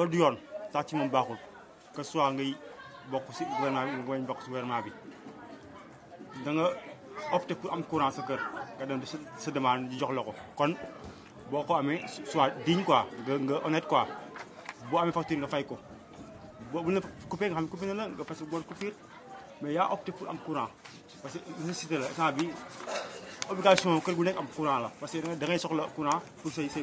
loolu du yoon sax ci moom baaxul que soit ngay bokk si gouvernement bi nga bañ bokk si gouvernement bi da nga opté pour am courant sa kër nga dem sa demande di jox la ko kon boo ko amee soit digne quoi nga nga honnête quoi boo amee facture nga fay ko boo bu ne coupé nga xam ne na la nga parce que boo coupure mais yaa opté pour am courant parce que nécessité la temps bi obligation kër gu nekk am courant la parce que da ngay soxla courant pour say say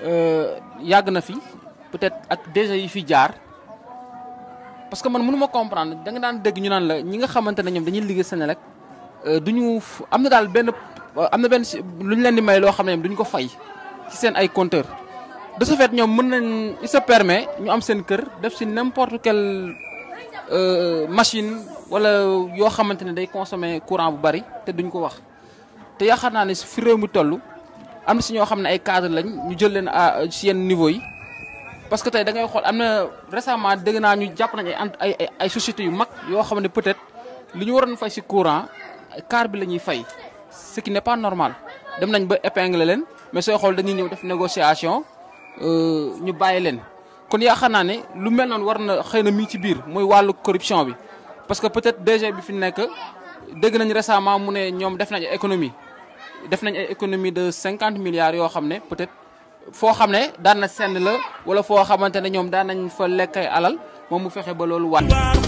Euh, yàgg na fi peut-être ak déjà yi fi jaar parce que man mënu ma comprendre da nga daan dégg ñu naan la ñi nga xamante ne ñoom dañuy liggéey Senelec euh, du ñu am na daal benn euh, am na benn lu ñu leen di may loo xam ne du ñu ko fay ci seen ay compteur de ce fait ñoom mën nañ il se permet ñu am seen kër def si n'importe quelle machine wala yoo xamante ne day consommer courant bu bari te duñ ko wax te yaxaar naa ne fi réew mi toll. am si ñoo xam ay cadre lañ euh, niveau parce que da récemment dégg ñu jàpp nañ sociétés yu peut-être ñu courant car bi ce qui n'est pas normal dem nañ ba épingle leen mais sooy xool dañuy ñëw def négociation euh, ñu bàyyi leen. kon yaakaar lu mel war na mi ci corruption parce que peut-être DG bi fi nekk récemment économie def nañ ay économie de 50 milliards yoo xam ne peut-être foo xam ne daan na senn la wala foo xamante ne ñoom daan nañ fa lekkay alal moom mu fexe ba loolu wàll.